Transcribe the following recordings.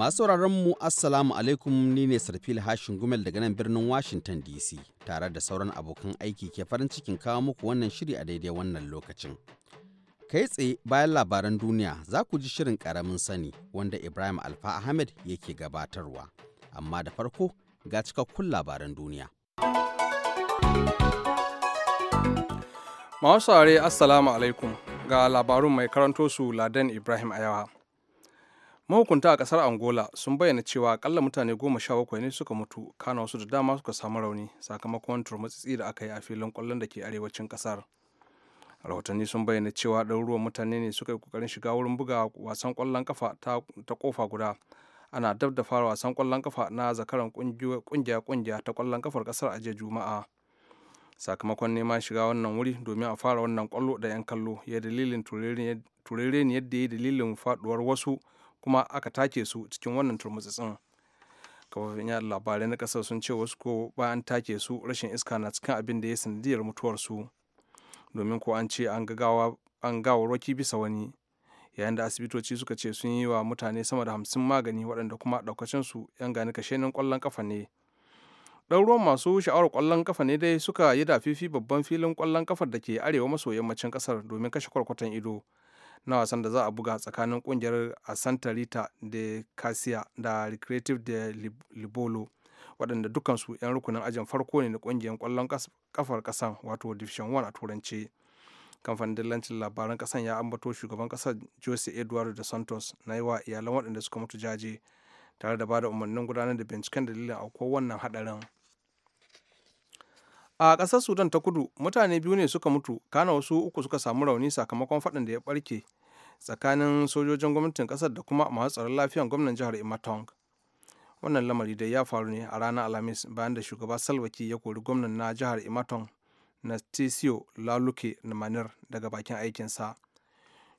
Masu mu Assalamu alaikum ni ne Sarfil Hashin Gumel daga nan birnin Washington DC tare da sauran abokan aiki ke farin cikin kawo muku wannan shiri a daidai wannan lokacin. Kai tsaye bayan labaran duniya za ku ji shirin karamin sani wanda Ibrahim Alfa Ahmed yake gabatarwa. Amma da farko ga cikakkun labaran duniya. Masu Assalamu alaikum ga labarun mai karanto su Ladan Ibrahim Ayawa. mahukunta a kasar angola sun bayyana cewa akalla mutane goma sha bakwai ne suka mutu kana wasu da dama suka samu rauni sakamakon turmatsitsi da aka yi a filin kwallon da ke arewacin kasar rahotanni sun bayyana cewa ɗaruruwan mutane ne suka yi kokarin shiga wurin buga wasan kwallon kafa ta kofa guda ana dab da fara wasan kwallon kafa na zakaran kungiya-kungiya ta kwallon kafar kasar a jiya juma'a sakamakon neman shiga wannan wuri domin a fara wannan kwallo da 'yan kallo ya dalilin turere ne yadda ya dalilin faduwar wasu kuma aka take su cikin wannan turmutsitsin kafofin yada labarai na kasar sun ce wasu ko bayan take su rashin iska na cikin abin da ya sanadiyar mutuwar su domin ko an ce an roki bisa wani yayin da asibitoci suka ce sun yi wa mutane sama da hamsin magani waɗanda kuma ɗaukacinsu 'yan gani nan ƙwallon kafa ne ɗauruwan masu sha'awar ƙwallon kafa ne dai suka yi dafifi babban filin ƙwallon kafar da ke arewa maso yammacin ƙasar domin kashe kwarkwatan ido na wasan da za a buga tsakanin kungiyar a santa rita de casia da recreative de libolo waɗanda dukansu 'yan rukunin ajin farko ne na kungiyar kwallon kafar kasan wato division 1 a turance kamfanin dillancin labaran ƙasan ya ambato shugaban ƙasar jose eduardo da santos na yi wa iyalan waɗanda suka mutu jaje tare da bada umarnin gudanar da binciken dalilin a wannan haɗarin. a ƙasar sudan ta kudu mutane biyu ne suka mutu kana wasu uku suka samu rauni sakamakon faɗin da ya ɓarke tsakanin sojojin gwamnatin ƙasar da kuma masu tsaron lafiyan gwamnan jihar imatong wannan lamari dai ya faru ne a ranar alhamis bayan da shugaba salwaki ya kori gwamnan na jihar imatong tisio laluke manir daga bakin aikinsa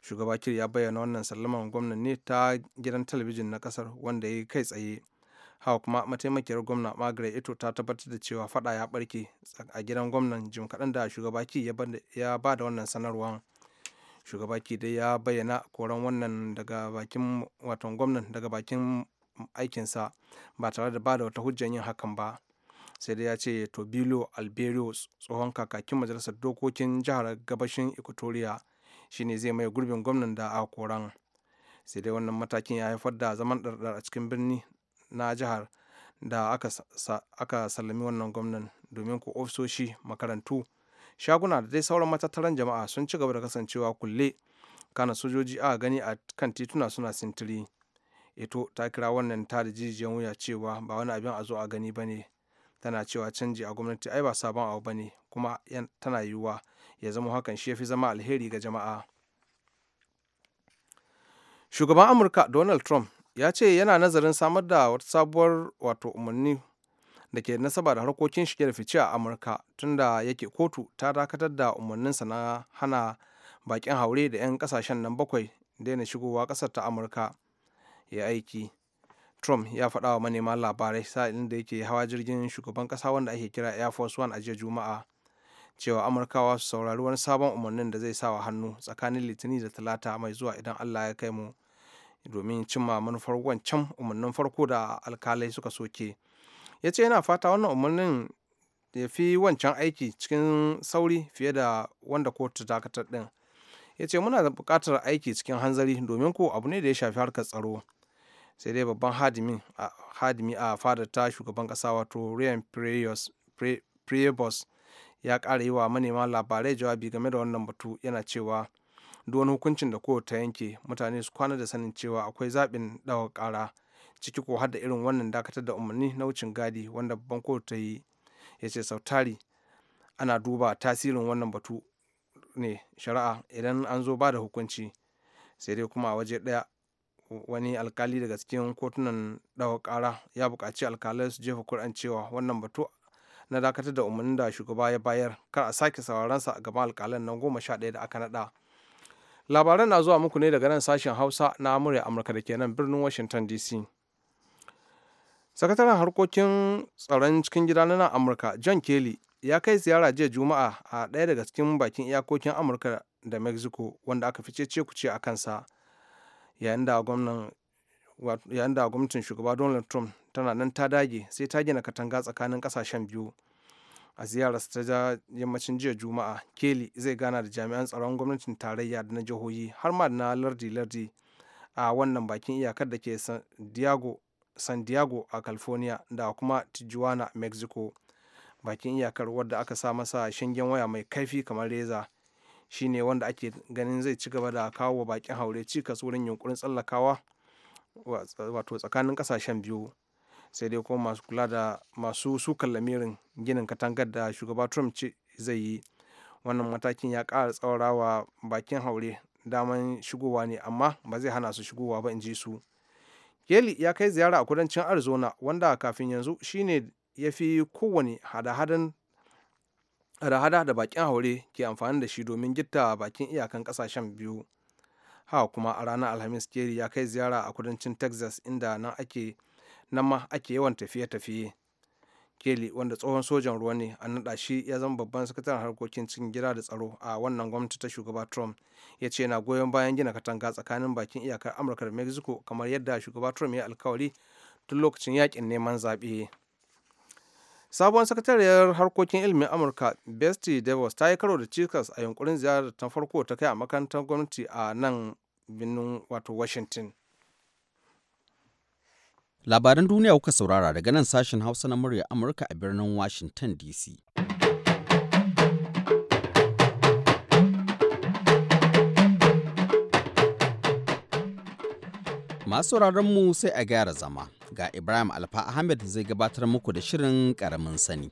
shugaba kir ya bayyana wannan sallaman gwamnan ne ta gidan talabijin na kasar wanda ya yi kai tsaye hawa kuma mataimakiyar gwamna margaret ito ta tabbatar da cewa fada ya barke a gidan gwamnan jim kaɗan da shugaba ki ya ba da wannan sanarwar shugaba ki dai ya bayyana koran wannan daga bakin watan gwamnan daga bakin aikinsa ba tare da ba da wata hujjan yin hakan ba sai dai ya ce tobilo alberio tsohon kakakin majalisar dokokin jihar gabashin equatoria shine zai mai gurbin gwamnan da a koran sai dai wannan matakin ya haifar da zaman ɗarɗar a cikin birni na jihar da aka sallami wannan gwamnan domin ku ofisoshi makarantu shaguna da dai sauran matattaran jama'a sun ci gaba da kasancewa kulle kana sojoji aka gani a kan tituna suna sintiri ito ta kira wannan ta da jijiyan wuya cewa ba wani abin a zo a gani ba ne tana cewa canji a gwamnati ai ba sabon abu ba ne kuma tana yiwuwa ya zama hakan shi ya fi zama alheri ga jama'a shugaban amurka donald trump ya ce yana nazarin samar da wata sabuwar wato umarni da ke nasaba da harkokin shige da fice a amurka tunda yake kotu ta dakatar da umarninsa na hana bakin haure da 'yan kasashen nan bakwai daina shigowa kasar ta amurka ya aiki trump ya faɗa wa manema labarai sa'ilin da yake hawa jirgin shugaban ƙasa wanda ake kira air force one a jiya juma'a cewa amurkawa su saurari wani sabon umarnin da zai sa wa hannu tsakanin litinin da talata mai zuwa idan allah ya kai mu domin cimma manufar wancan umarnin farko da alkalai suka soke ya ce yana fata wannan umarnin ya fi wancan aiki cikin sauri fiye da wanda kotu dakatar din ya ce muna buƙatar aiki cikin hanzari domin ko abu ne da ya shafi harkar tsaro sai dai babban hadimi a fadar ta shugaban ƙasa wato ryan priebus ya kara yi wa manema labarai jawabi game da wannan batu yana cewa duk wani hukuncin da kowace ta yanke mutane su kwana da sanin cewa akwai zaɓin ɗaga ƙara ciki ko har da irin wannan dakatar da umarni na wucin gadi wanda babban kotu ta yi ya ce sautari ana duba tasirin wannan batu ne shari'a idan an zo ba da hukunci sai dai kuma a waje ɗaya wani alkali daga cikin kotunan dawa ƙara ya buƙaci alkalai su jefa kur'an cewa wannan batu na dakatar da umarnin da shugaba ya bayar kar a sake sauraronsa a gaban alkalan nan goma sha ɗaya da aka naɗa labaran na zuwa muku ne daga nan sashen hausa na murya amurka da ke nan birnin washington dc sakataren harkokin tsaron cikin gida na amurka john kelly ya kai ziyara jiya juma'a a ɗaya daga cikin bakin iyakokin amurka da mexico wanda aka fice kuce a kansa yayin da gwamnatin shugaba donald trump tana nan ta dage sai ta gina katanga tsakanin kasashen biyu a ziyarar ta yammacin jiya juma'a keli zai gana da jami'an tsaron gwamnatin tarayya da na jihohi har ma na lardi-lardi a wannan bakin iyakar da ke san diego a california da kuma tijuana mexico bakin iyakar wadda aka sa masa shingen waya mai kaifi kamar reza shine wanda ake ganin zai ci gaba da kawo bakin haure cikas wurin yunkurin tsallakawa wato tsakanin kasashen biyu sai dai kuma masu kula da masu sukan lamirin ginin katangar da shugaba trump ce zai yi wannan matakin ya ƙara tsaurawa bakin haure daman shigowa ne amma ba zai hana su shigowa ba in ji su Kelly ya kai ziyara a kudancin Arizona wanda kafin yanzu shine ya fi kowane hada hada da bakin haure ke amfani da shi domin gitta bakin iyakan kasashen biyu. ha kuma a ranar Alhamis Kelly ya kai ziyara a kudancin Texas inda nan ake nan ma ake yawan tafiye-tafiye keli wanda tsohon sojan ruwa ne a naɗa shi ya zama babban sakataren harkokin cikin gida da tsaro a wannan gwamnati ta shugaba trump ya ce na goyon bayan gina katanga tsakanin bakin iyakar amurka da mexico kamar yadda shugaba trump ya alkawari tun lokacin yakin neman zaɓe sabon sakatariyar harkokin ilimin amurka besti devos ta yi karo da cikas a yunkurin ziyarar ta farko ta kai a makarantar gwamnati a nan binin wato washington Labaran duniya kuka saurara daga nan sashen Hausa na murya Amurka a birnin Washington DC. Masu mu sai a gyara zama, ga Ibrahim Alfa Ahmed zai gabatar muku da shirin ƙaramin sani.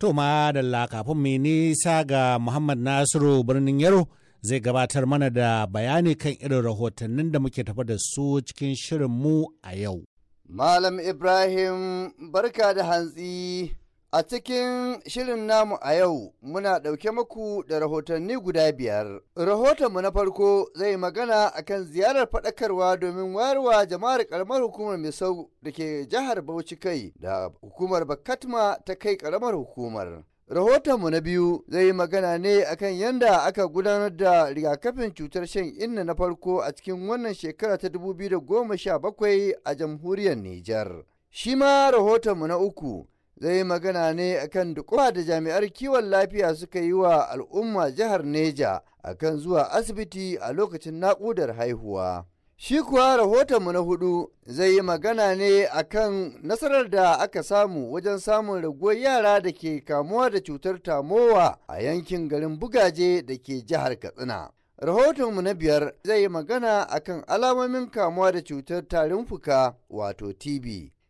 To ma da kafin mai nisa ga Muhammad Nasiru birnin Yaro zai gabatar mana da bayani kan irin rahotannin da muke tafa da su cikin shirinmu a yau. Malam Ibrahim barka da hantsi. A cikin shirin namu a yau muna ɗauke muku da rahotanni guda biyar. Rahotonmu na farko zai magana akan ziyarar faɗakarwa domin wayarwa jama'ar ƙaramar hukumar Misau da ke jihar Bauchi kai da hukumar Bakatma ta kai ƙaramar hukumar. Rahotonmu na biyu zai yi magana ne akan yadda aka gudanar da rigakafin cutar shan inna na farko a cikin wannan shekara ta dubu da goma sha bakwai a jamhuriyar Nijar. Shi ma rahotonmu na uku zai magana ne akan dukuwa da jami'ar kiwon lafiya suka yi wa al'umma jihar neja akan zuwa asibiti a lokacin nakudar haihuwa shi kuwa rahotonmu na hudu zai yi magana ne akan nasarar da aka samu wajen samun raguwar yara da ke kamuwa da cutar tamowa a yankin garin bugaje da ke jihar katsina Rahotonmu na biyar zai yi magana akan alamomin kamuwa da cutar tarin fuka wato TB.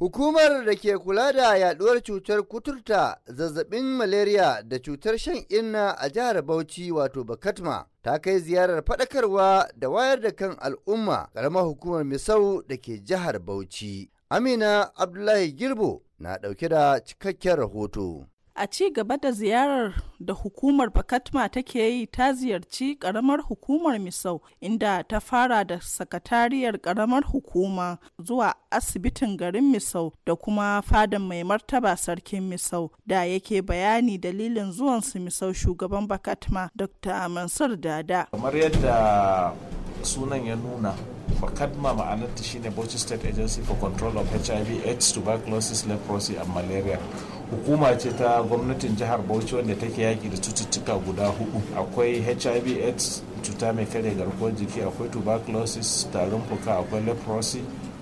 Hukumar da ke kula da yaduwar cutar kuturta, zazzabin malaria da cutar shan inna a jihar Bauchi wato Bakatma ta kai ziyarar faɗakarwa da wayar da kan al'umma karamar hukumar Misau da ke jihar Bauchi. Amina Abdullahi Girbo na ɗauke da cikakken rahoto. a ci gaba da ziyarar da hukumar bakatma take yi ta ziyarci karamar hukumar Misau inda ta fara da sakatariyar karamar hukuma zuwa asibitin garin Misau da kuma fadan mai martaba sarkin Misau da yake bayani dalilin zuwansu Misau shugaban bakatma Dr. Mansur Dada. Kamar yadda sunan ya nuna Bakatma ma'anarta shine Bauchi State Agency for Control of HIV, AIDS, Tuberculosis, Leprosy and Malaria. hukuma ce ta gwamnatin jihar bauchi wanda take yaki da cututtuka guda hudu akwai hiv aids cuta mai kare garkuwar jiki akwai tuberculosis tarin fuka akwai leprosy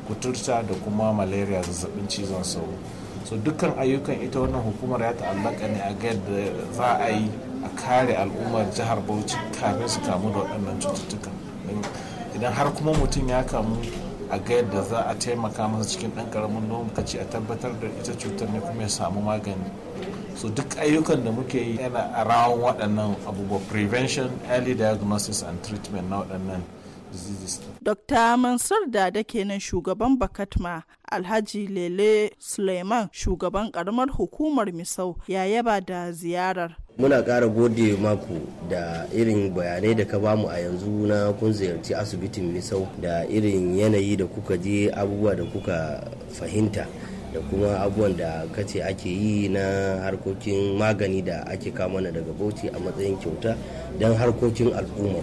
kuturta da kuma malaria zazzabin cizon sauro so dukkan ayyukan ita wannan hukumar ya ta'allaka ne a ga da za a yi a kare al'ummar jihar bauchi kafin su kamu da waɗannan cututtuka idan har kuma mutum ya kamu a ga yadda za a taimaka masa cikin ɗan ƙaramin lokaci a tabbatar da ita cutar ne kuma ya samu magani so duk ayyukan da muke yi yana a rawan waɗannan abubuwa prevention early diagnosis and treatment na waɗannan diseases Dr. Mansur da ke nan shugaban Bakatma Alhaji Lele Suleiman shugaban ƙaramar hukumar Misau ya yaba da ziyarar muna ƙara gode maku da irin bayanai da ka bamu a yanzu na kun ziyarci asibitin misau da irin yanayi da kuka je abubuwa da kuka fahimta da kuma abubuwan da kace ake yi na harkokin magani da ake mana daga bauchi a matsayin kyauta don harkokin al'umma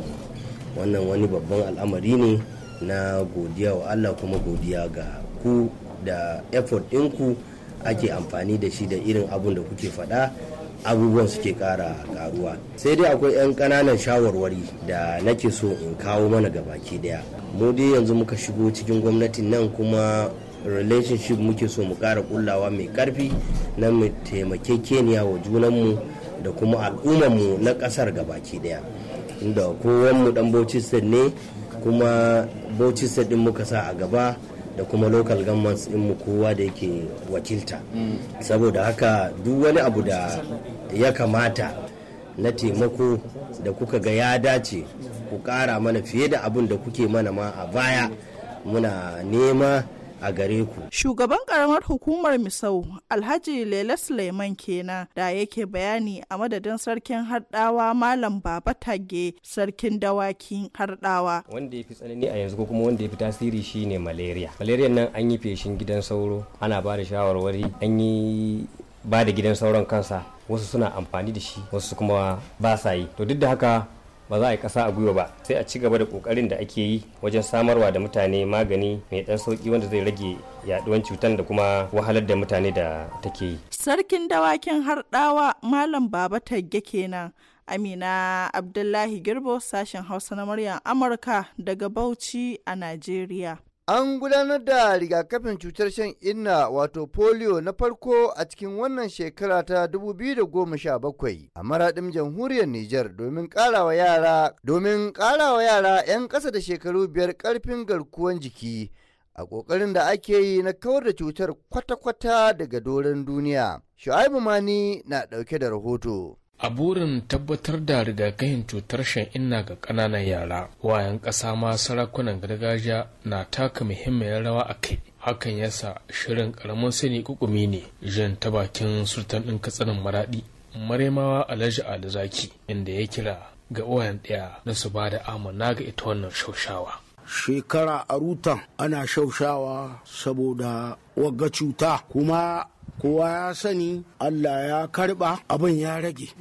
wannan wani babban al'amari ne na godiya wa allah kuma godiya ga ku da effort ɗinku ake amfani da shi da irin abun da kuke faɗa abubuwan suke kara karuwa sai dai akwai 'yan ƙananan shawarwari da nake so in kawo mana ga baki daya mu dai yanzu muka shigo cikin gwamnatin nan kuma relationship muke so mu kara kullawa mai karfi na mu taimakekeniya wa junanmu da kuma mu na ƙasar ga baki daya inda kowanmu dan bauchi ne kuma bauchi ɗin din muka sa a gaba da kuma local governments mu kowa da yake wakilta mm. saboda haka duk wani abu da ya kamata na taimako da kuka ga ya dace ku kara mana fiye da abin da kuke mana ma a baya muna nema a gare ku. Shugaban karamar hukumar Misau Alhaji Lele Suleiman kenan da yake bayani a madadin sarkin hardawa Malam Baba Tage sarkin dawakin hardawa. Wanda ya fi tsanani a yanzu ko kuma wanda ya fi tasiri shine malaria. Malaria nan an yi feshin gidan sauro ana ba da shawarwari an yi ba da gidan sauran kansa wasu suna amfani da shi wasu kuma ba sa yi to duk da haka ba za a yi ƙasa a gwiwa ba sai a ci gaba da ƙoƙarin da ake yi wajen samarwa da mutane magani mai ɗan sauki wanda zai rage yaɗuwan cutar da kuma wahalar da mutane da take yi. Sarkin dawakin harɗawa Malam Baba Tagge kenan. Amina Abdullahi Girbo sashen Hausa na muryar Amurka daga Bauchi a Najeriya. An gudanar da rigakafin cutar shan inna wato polio na farko a cikin wannan shekara ta 2017 a maradin jamhuriyar Nijar domin ƙarawa yara domin karawa yara 'yan ƙasa da shekaru biyar ƙarfin garkuwan jiki a ƙoƙarin da ake yi na kawar da cutar kwata-kwata daga doron duniya. Shu'aibu Mani na ɗauke da rahoto. a burin tabbatar da rigakafin cutar shan inna ga ƙananan yara wayan ƙasa ma sarakunan gargajiya na taka muhimmiyar rawa a kai hakan yasa shirin ƙaramin sani kukumi ne jan ta bakin sultan ɗin katsinin maraɗi maremawa alhaji Zaki, inda ya kira ga wayan ɗaya na su ba da amana ga ita wannan shaushawa shekara a rutan ana shaushawa saboda wagga cuta kuma kowa ya sani Allah ya karba abin ya rage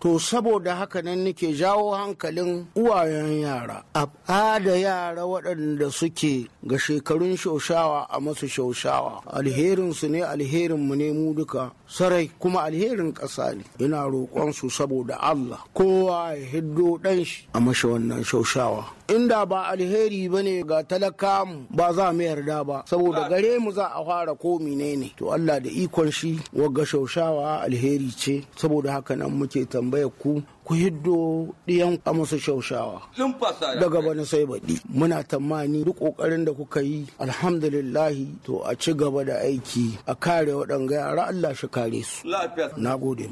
to saboda haka nan nake jawo hankalin uwayen yara a da yara waɗanda suke ga shekarun shaushawa a masu shaushawa alherinsu ne alherin mu ne mu duka sarai kuma alherin ƙasa ne ina roƙon su saboda Allah kowa ya hiddo ɗan shi a mashi wannan shaushawa inda ba alheri ba ne ga talakamu ba za mu yarda ba saboda gare mu za a fara ko ne to Allah da ikon shi wagga shaushawa alheri ce saboda haka nan muke tambayar ku ku hiddo ɗiyan a musu shaushawa daga bani sai baɗi muna tamani duk ƙoƙarin da kuka yi alhamdulillahi to a ci gaba da aiki a kare waɗanga yara Allah shi kare su na gode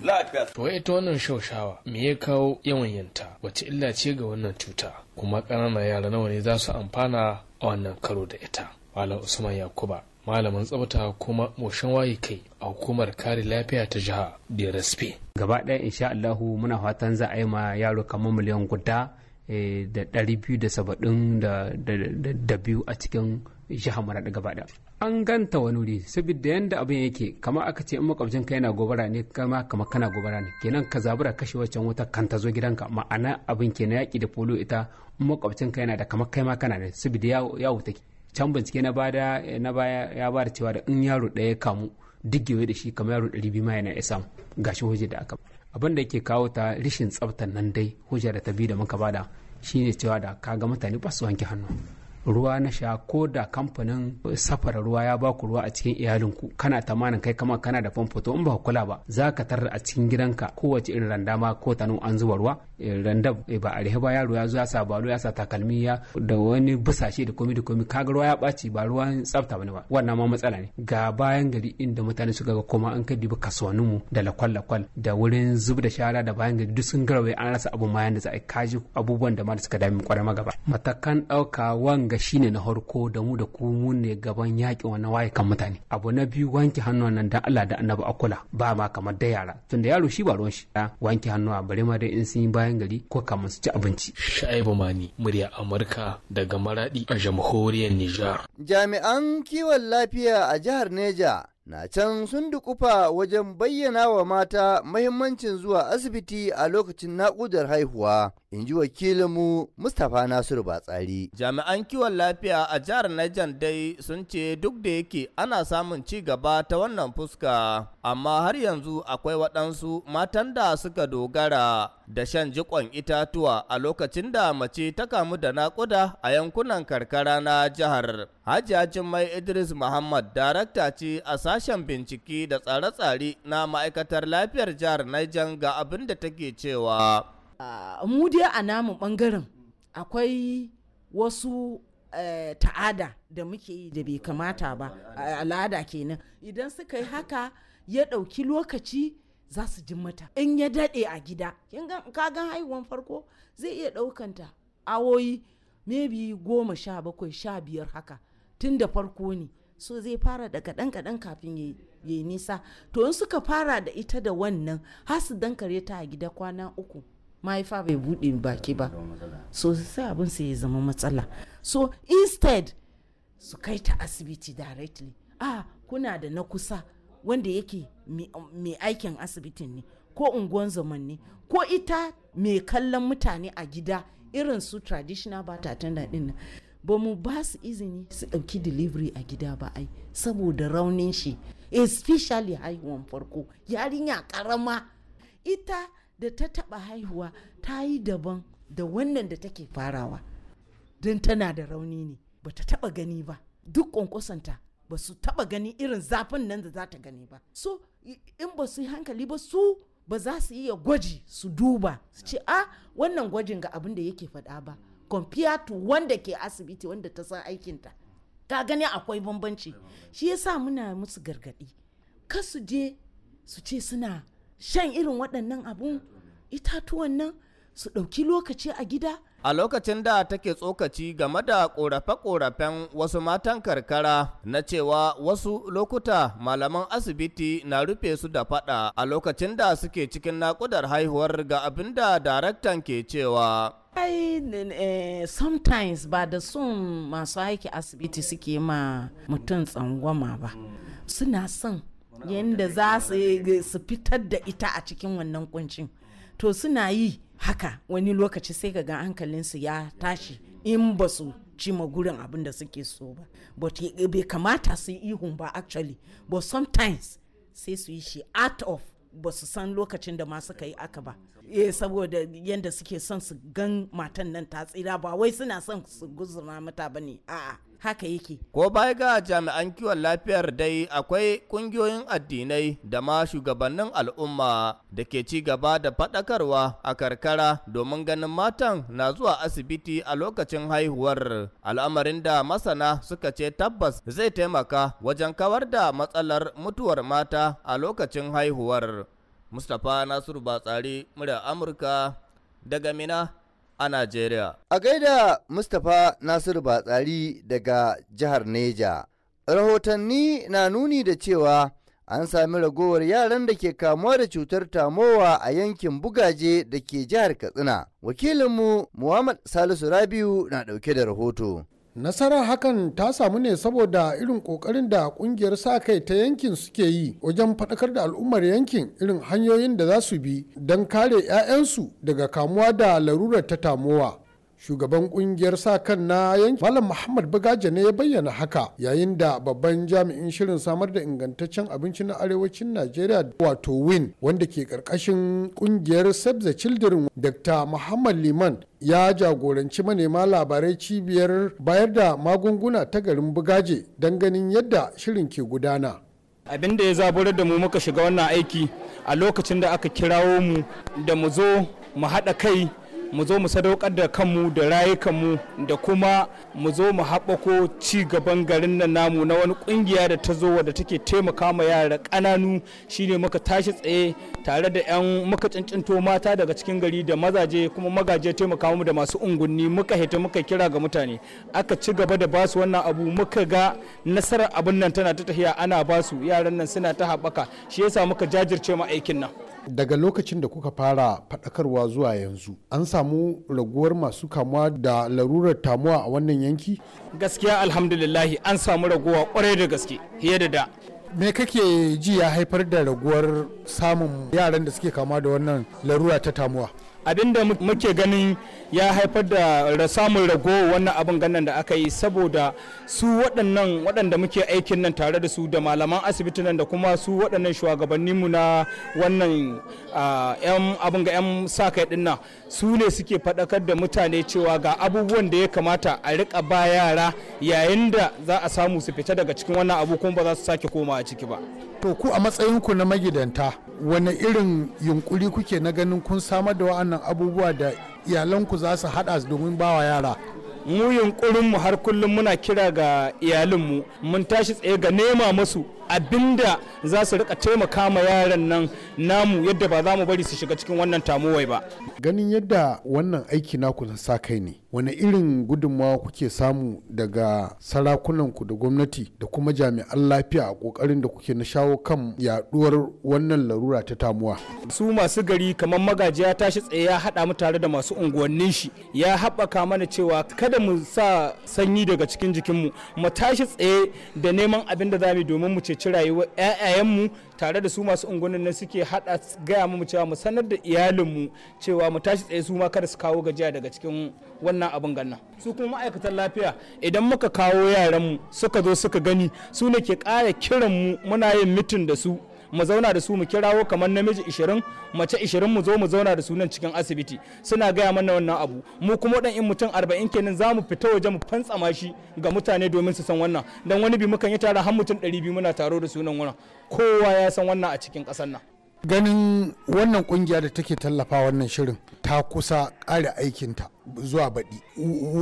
to ita wannan shaushawa me ya kawo yawan yanta wace illa ce ga wannan cuta kuma ƙananan yara nawa ne za su amfana a wannan karo da ita Malam Usman Yakuba malamin tsabta kuma moshin waye kai a hukumar kare lafiya ta jiha DRSP. Gaba ɗaya insha Allahu muna fatan za a yi ma yaro kamar miliyan guda eh, da ɗari biyu da saba'in da biyu a cikin jihar Maraɗa gaba ɗaya. An ganta wani wuri saboda yadda abin yake kamar aka ce in makwabcin ka yana gobara ne kama kama kana gobara ne kenan ka zabura kashe waccan wuta kan ta zo gidanka ma'ana abin kenan yaƙi da polo ita in makwabcin ka yana da kamar kai ma kana ne saboda wuta ke. can bincike na baya ya bada cewa da in yaro ɗaya kamu duk gewe da shi kamar yaro ɗari biyu ma yana isa gashi hujja da aka abin da yake kawo ta rishin tsaftar nan dai hujja da ta bi da muka bada shine cewa da ka ga mutane ba su wanke hannu ruwa na sha ko da kamfanin safara ruwa ya baku ruwa a cikin iyalinku kana tamanin kai kama kana da famfo to in ba kula ba za ka tarar a cikin gidanka kowace irin randa ma ko tanu an zuba ruwa eh, randa eh, ba a rihe ba yaro ya zo ya sa balo ya sa takalmi ya da wani busashe da komi da komi kaga ruwa ya ɓaci ba ruwan tsafta bane ba wannan ma matsala ne ga bayan gari inda mutane suka ga koma an kai dibi kasuwanninmu mu da lakwal lakwal da wurin zub da shara da bayan gari duk sun garwaye an rasa abun ma yanda za a kaji abubuwan da ma da suka dami kwarai magaba matakan ɗauka wanga ga ne na harko da mu da kuma ne gaban yakin wannan waye kan mutane abu na biyu wanke hannuwa nan dan Allah da annabi akula ba ma kamar da yara tunda yaro shi ba ruwan shi wanke hannuwa bare ma dai in sun yi bayan gari ko kamar su ci abinci Shaibu Mani murya Amurka daga Maradi a jamhuriyar Nijar jami'an kiwon lafiya a jihar Neja na can sun dukufa wajen bayyana wa mata mahimmancin zuwa asibiti a lokacin naƙudar haihuwa in ji wakilinmu mustapha nasiru batsari jami'an kiwon lafiya a jihar niger dai sun ce duk da yake ana samun ci gaba ta wannan fuska amma har yanzu akwai waɗansu matan da suka dogara da shan jikon itatuwa a lokacin da mace ta kamu da naƙuda a yankunan karkara na jihar. Hajji Jummai Idris Muhammad darakta ce a sashen bincike da tsare-tsare na ma'aikatar lafiyar jihar Niger ga abin da take cewa. Mu dai a namu ɓangaren akwai wasu eh, ta'ada da muke yi da bai kamata ba al'ada kenan idan suka yi haka ya ɗauki lokaci za su ji mata in ya daɗe a gida kin ka ga haihuwan farko zai iya ɗaukanta awoyi maybe goma sha bakwai sha biyar haka tun da farko ne so zai fara da kaɗan kaɗan kafin ya yi nisa to in suka fara da ita da wannan har su dankare ta a gida kwana uku mahaifa bai buɗe baki ba so sai abin sai ya zama matsala so instead su kai ta asibiti directly ah kuna da na kusa wanda yake mai aikin asibitin ne ko unguwan zaman ne ko ita mai kallon mutane a gida irin su traditional ba ta tana din ba mu ba su izini su ɗauki delivery a gida ba ai saboda raunin shi especially haihuwan farko yarinya karama ita da ta taɓa haihuwa ta yi daban da wannan da take farawa don tana da rauni ne ba ta taɓa gani ba duk ƙwanƙwasanta ba su taba gani irin zafin nan da za ta gani ba so in ba su yi hankali ba su ba za su iya gwaji su duba su ce a ah, wannan gwajin ga abin da yake faɗa ba compare to wanda ke asibiti wanda ta san aikinta ka gani akwai bambanci shi ya sa muna musu gargaɗi ka su je su ce suna shan irin waɗannan abun itatuwan nan su ɗauki lokaci a gida a lokacin da take tsokaci game da ƙorafe-ƙorafen wasu matan karkara na cewa wasu lokuta malaman asibiti na rufe su da fada a lokacin da suke cikin naƙudar haihuwar ga abin da daraktan ke cewa ai eh, sometimes ba da sun masu aiki asibiti suke ma mutum tsangwama ba suna son yadda za su fitar da ita a cikin wannan kuncin to suna yi haka wani lokaci sai ka ga hankalinsu ya tashi in ba su ci gurin abin da suke so ba but eh, bai kamata su yi ihun ba actually but sometimes sai su yi shi out of ba su san lokacin da ma suka yi aka ba e saboda yadda suke son su gan matan nan ta tsira ba wai suna son su guzura mata ba ne a'a haka yake ko baya ga jami'an kiwon lafiyar dai akwai kungiyoyin addinai da ma shugabannin al'umma da ke ci gaba da faɗakarwa a karkara domin ganin matan na zuwa asibiti a lokacin haihuwar al'amarin da masana suka ce tabbas zai taimaka wajen kawar da matsalar mutuwar mata a lokacin haihuwar mustapha nasiru batsari murya amurka daga mina a Najeriya. A gaida Mustapha Nasiru Batsari daga jihar Neja. Rahotanni na nuni da cewa an sami ragowar yaran da ke kamuwa da cutar tamowa a yankin bugaje da ke jihar Katsina. Wakilinmu Muhammad Salisu Rabiu na ɗauke da rahoto. nasarar hakan ta samu ne saboda irin kokarin da kungiyar sa kai ta yankin suke yi wajen faɗakar da al'ummar yankin irin hanyoyin da za su bi don kare 'ya'yansu daga kamuwa da larurar ta tamowa shugaban kungiyar sa kan na yanki malam muhammad bagaja ne ya bayyana haka yayin da babban jami'in shirin samar da ingantaccen abinci na arewacin najeriya wato win wanda ke karkashin kungiyar save the children dr muhammad liman ya jagoranci manema labarai cibiyar bayar da magunguna ta garin bugaje don ganin yadda shirin ke gudana abin da ya zaburar da mu muka shiga wannan aiki a lokacin da aka kirawo mu da mu zo mu haɗa kai mu zo mu sadaukar da kanmu da rayukanmu da kuma mu zo mu haɓako ci gaban garin nan namu na wani ƙungiya da ta zo wadda take taimaka ma yara ƙananu shine muka tashi tsaye tare da 'yan muka cincinto mata daga cikin gari da mazaje kuma magaje taimaka mu da masu ungunni muka hita muka kira ga mutane aka ci gaba da basu wannan abu muka ga nasarar abin nan tana ta tahiya ana basu yaran nan suna ta haɓaka shi yasa muka jajirce ma aikin nan daga lokacin da kuka fara faɗakarwa zuwa yanzu an samu raguwar masu kamuwa da larurar tamuwa a wannan yanki gaskiya alhamdulillahi an samu raguwa kwarai da gaske fiye da da me kake ji ya haifar da raguwar samun yaran da suke kama da wannan larura ta tamuwa abinda muke ganin ya haifar da samun rago wannan abin ganin da aka yi saboda su waɗannan waɗanda muke aikin nan tare da su da malaman asibiti nan da kuma su waɗannan shugabanninmu na wannan yan abin ga yan sa kai ɗin su ne suke faɗakar da mutane cewa ga abubuwan da ya kamata a rika ba yara yayin da za a samu su fita daga cikin wannan abu kuma ba za su sake komawa ciki ba. to ku a matsayinku na magidanta wani irin yunkuri kuke na ganin kun samar da wa'annan abubuwa da iyalanku za su haɗa domin bawa yara mu yunkurinmu har kullum muna kira ga iyalinmu mun tashi tsaye ga nema masu abinda za su rika taimaka ma yaran nan namu yadda ba za mu bari su shiga cikin wannan tamuwai ba ganin yadda wannan aiki naku sa kai ne wani irin gudunmawa kuke samu daga sarakunanku da gwamnati da kuma jami'an lafiya a kokarin da kuke na shawo kan yaduwar wannan larura ta tamuwa su masu gari kamar magaji ya tashi tsaye ya haɗa mu tare da masu unguwannin shi ya haɓaka mana cewa kada mu sa sanyi daga cikin jikinmu mu tashi tsaye da neman abin da za mu domin mu ceci rayuwar 'ya'yayenmu tare da su masu unguwanni nan suke hada gaya mu cewa mu sanar da iyalinmu cewa mu tashi tsaye su ma kada su kawo gajiya daga cikin wannan abin ganna su kuma ma'aikatan lafiya idan muka kawo yaran mu suka zo suka gani su ne ke kara kiran mu muna yin mitin da su mu zauna da su mu kirawo kamar namiji 20 mace 20 mu zo mu zauna da su nan cikin asibiti suna gaya mana wannan abu mu kuma dan in mutum 40 kenan za mu fita waje mu fantsama shi ga mutane domin su san wannan dan wani bi mukan yi tara har mutum 200 muna taro da sunan wannan kowa ya san wannan a cikin kasar nan ganin wannan kungiya da take tallafa wannan shirin ta kusa aikin aikinta zuwa baɗi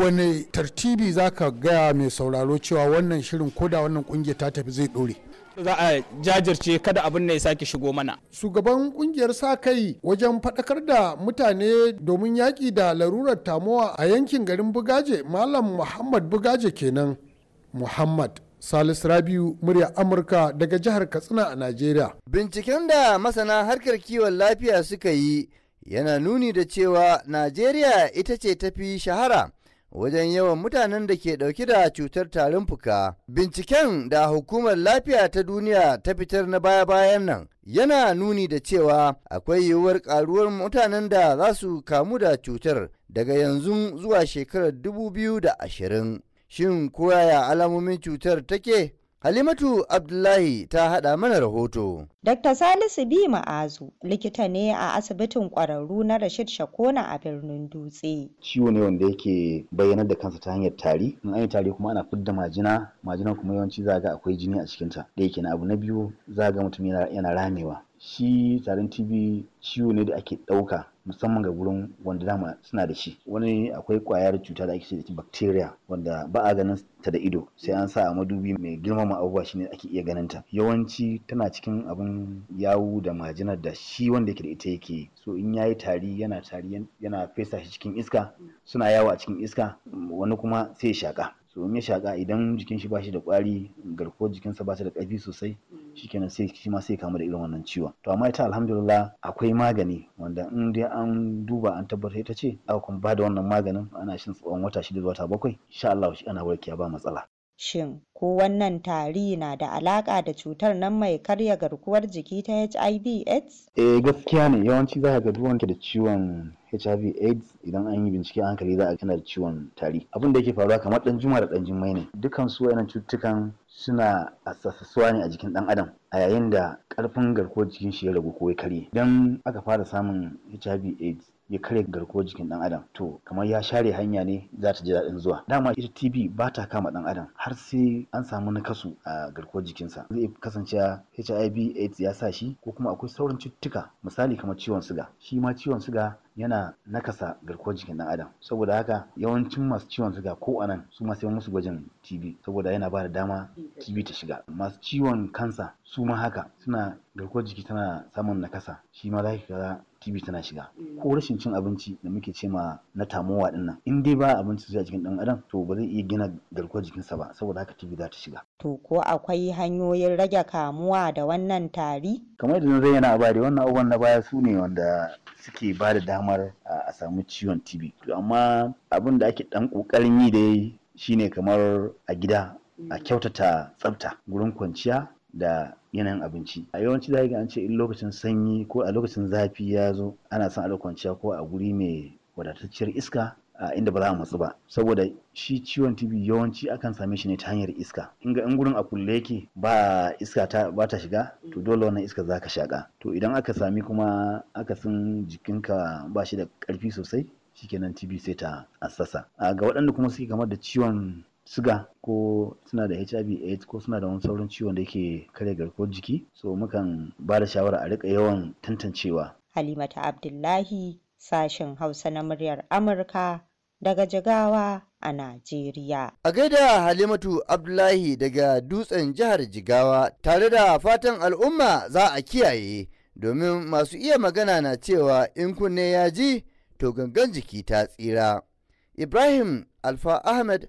wani tartibi za ka gaya mai sauraro cewa wannan shirin koda wannan kungiya ta tafi zai ɗore za a jajirce kada abin ya sake shigo mana. Shugaban kungiyar sa kai wajen faɗakar da mutane domin yaƙi da larurar tamowa a yankin garin Bugaje Malam Muhammad Bugaje kenan. Muhammad Salis Rabiu murya Amurka daga jihar Katsina a Najeriya. Binciken da masana harkar kiwon lafiya suka yi yana nuni da cewa Najeriya ita ce tafi shahara. wajen yawan mutanen da ke dauke da cutar tarin fuka. Binciken da hukumar lafiya ta duniya ta fitar na baya-bayan nan yana nuni da cewa akwai yiwuwar karuwar mutanen da za su kamu da cutar daga yanzu zuwa shekarar 2020. Shin koyaya alamomin cutar take? Halimatu Abdullahi ta haɗa mana rahoto. Dr. Salisu B. Ma'azu likita ne a asibitin ƙwararru na Rashid Shakona a birnin Dutse. Ciwo ne wanda yake bayyanar da kansa ta hanyar tari, in an yi tari kuma ana fidda majina, majina kuma yawanci za ga akwai jini a cikinta. Da yake na abu na biyu za ga mutum yana ramewa. Shi tarin TB ciwo ne da ake ɗauka musamman ga wurin wanda dama suna da shi wani akwai kwayar cuta da ake ce bacteria wanda ba a ganin ta da ido sai an sa a madubi mai girmama abubuwa shine ake iya ganin ta yawanci tana cikin abin yawu da majinar da shi wanda yake da ita yake so in yayi tari yana tari yana fesa shi cikin iska suna yawo a cikin iska wani kuma sai ya shaka so in ya shaka idan jikin shi ba shi da kwari garkuwar jikinsa ba ta da ƙarfi sosai shikenan sai shi ma sai kama da irin wannan ciwon to amma ita alhamdulillah akwai magani wanda in dai an duba an tabbatar ita ce aka kuma ba da wannan maganin ana shin tsawon wata shida zuwa wata bakwai insha Allah shi ana warkewa ba matsala Shin ko wannan tari na da alaka da cutar nan mai karya garkuwar jiki ta HIV/AIDS? Eh gaskiya ne yawanci za ka ga duk wanda da ciwon hiv aids idan an yi bincike a hankali za a tana da ciwon tari abin da yake faruwa kamar dan juma da dan jimmai ne dukan su wayannan cututtukan suna assasasuwa ne a jikin dan adam a yayin da karfin garkuwar jikin shi ya ragu ko ya karye idan aka fara samun hiv aids ya karya garkuwar jikin dan adam to kamar ya share hanya ne za ta ji daɗin zuwa dama ita tb ba ta kama dan adam har sai an samu nakasu a garkuwar jikinsa zai kasance hiv aids ya sa shi ko kuma akwai sauran cututtuka misali kamar ciwon siga shi ma ciwon siga yana nakasa garkuwar jikin dan adam saboda haka yawancin masu ciwon suga ko anan su ma sai musu gwajin TB saboda yana ba da dama TB ta shiga masu ciwon kansa su ma haka suna garkuwar jiki tana samun nakasa shi ma za ka TV tana shiga mm. ko rashin cin abinci da muke ce na tamowa din in dai ba abinci zuwa jikin dan adam to ba zai iya gina garkuwar jikinsa ba saboda haka TV za ta shiga to ko akwai hanyoyin rage kamuwa da wannan tari kamar da zai yana bari wannan abubuwan na baya su ne wanda suke ba da damar a samu ciwon TV to amma abin da ake dan kokarin yi dai shine kamar a gida a mm. kyautata tsafta gurin kwanciya da yanayin abinci a yawanci da ga an ce in lokacin sanyi ko a lokacin zafi ya zo ana son a kwanciya ko a guri mai wadatacciyar iska a inda ba za a matsu ba saboda shi ciwon tibi yawanci akan same shi ne ta hanyar iska in ga in gurin a kulle yake ba iska ta ba ta shiga to dole wannan iska za ka shaka to idan aka sami kuma aka san jikinka ba shi da karfi sosai shikenan tibi sai ta assasa a ga waɗanda kuma suke kamar da ciwon Suga ko suna da hiv aids ko suna da wani sauran ciwon da yake karya garkuwar jiki so mukan ba da shawara a rika yawan tantancewa halimata abdullahi sashen hausa na muryar amurka daga jigawa a Najeriya. A gaida Halimatu Abdullahi daga dutsen jihar Jigawa tare da fatan al'umma za a kiyaye domin masu iya magana na cewa in kunne ya ji to gangan jiki ta tsira. Ibrahim Alfa Ahmed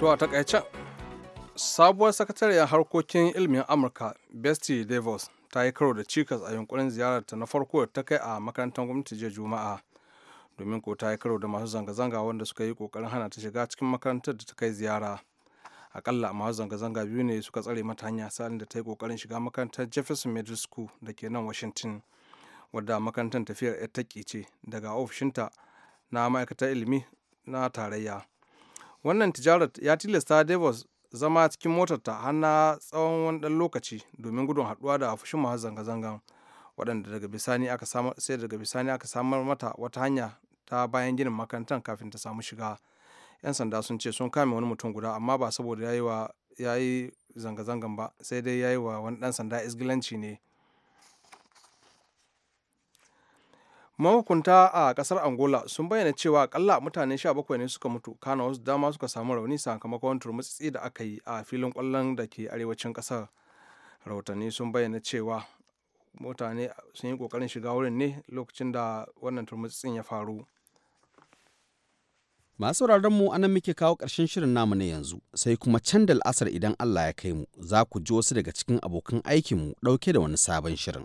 To a takaice, sabuwar sakatariyar harkokin ilimin amurka besti davos ta yi karo da cikas a yunkurin ziyararta na farko ta kai a makarantar gwamnati jiya juma'a domin ko ta yi karo da masu zanga-zanga wanda suka yi kokarin hana ta shiga cikin makarantar da ta kai ziyara akalla masu zanga-zanga biyu ne suka tsare mata hanya sa'in da ta yi kokarin shiga makarantar jefferson middle school da ke nan washington wadda makarantar tafiyar ta ce daga ofishinta na ma'aikatar ilimi na tarayya wannan tijarar ya tilasta davos zama cikin motarta har na tsawon wani ɗan lokaci domin gudun haɗuwa da fushin masu zanga-zangan waɗanda daga bisani aka samar sai daga bisani aka samar mata wata hanya ta bayan ginin makarantar kafin ta samu shiga yan sanda sun ce sun kame wani mutum guda amma ba saboda yayi wa zanga-zangan ba sai dai yayi wa wani ɗan sanda isgilanci ne mahukunta a kasar angola sun bayyana cewa kalla mutane 17 ne suka mutu kana wasu dama suka samu rauni sakamakon turmutsitsi da aka yi a filin kwallon da ke arewacin kasar rahotanni sun bayyana cewa mutane sun yi kokarin shiga wurin ne lokacin da wannan turmutsitsin ya faru Masu mu anan muke kawo karshen shirin namu na yanzu, sai kuma can da al'asar idan Allah ya kai mu, za ku ji wasu daga cikin abokan aikinmu ɗauke da wani sabon shirin.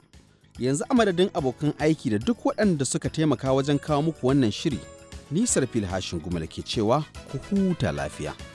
yanzu a madadin abokan aiki da duk waɗanda suka taimaka wajen kawo muku wannan shiri nisar filhashin gumala ke cewa ku huta lafiya.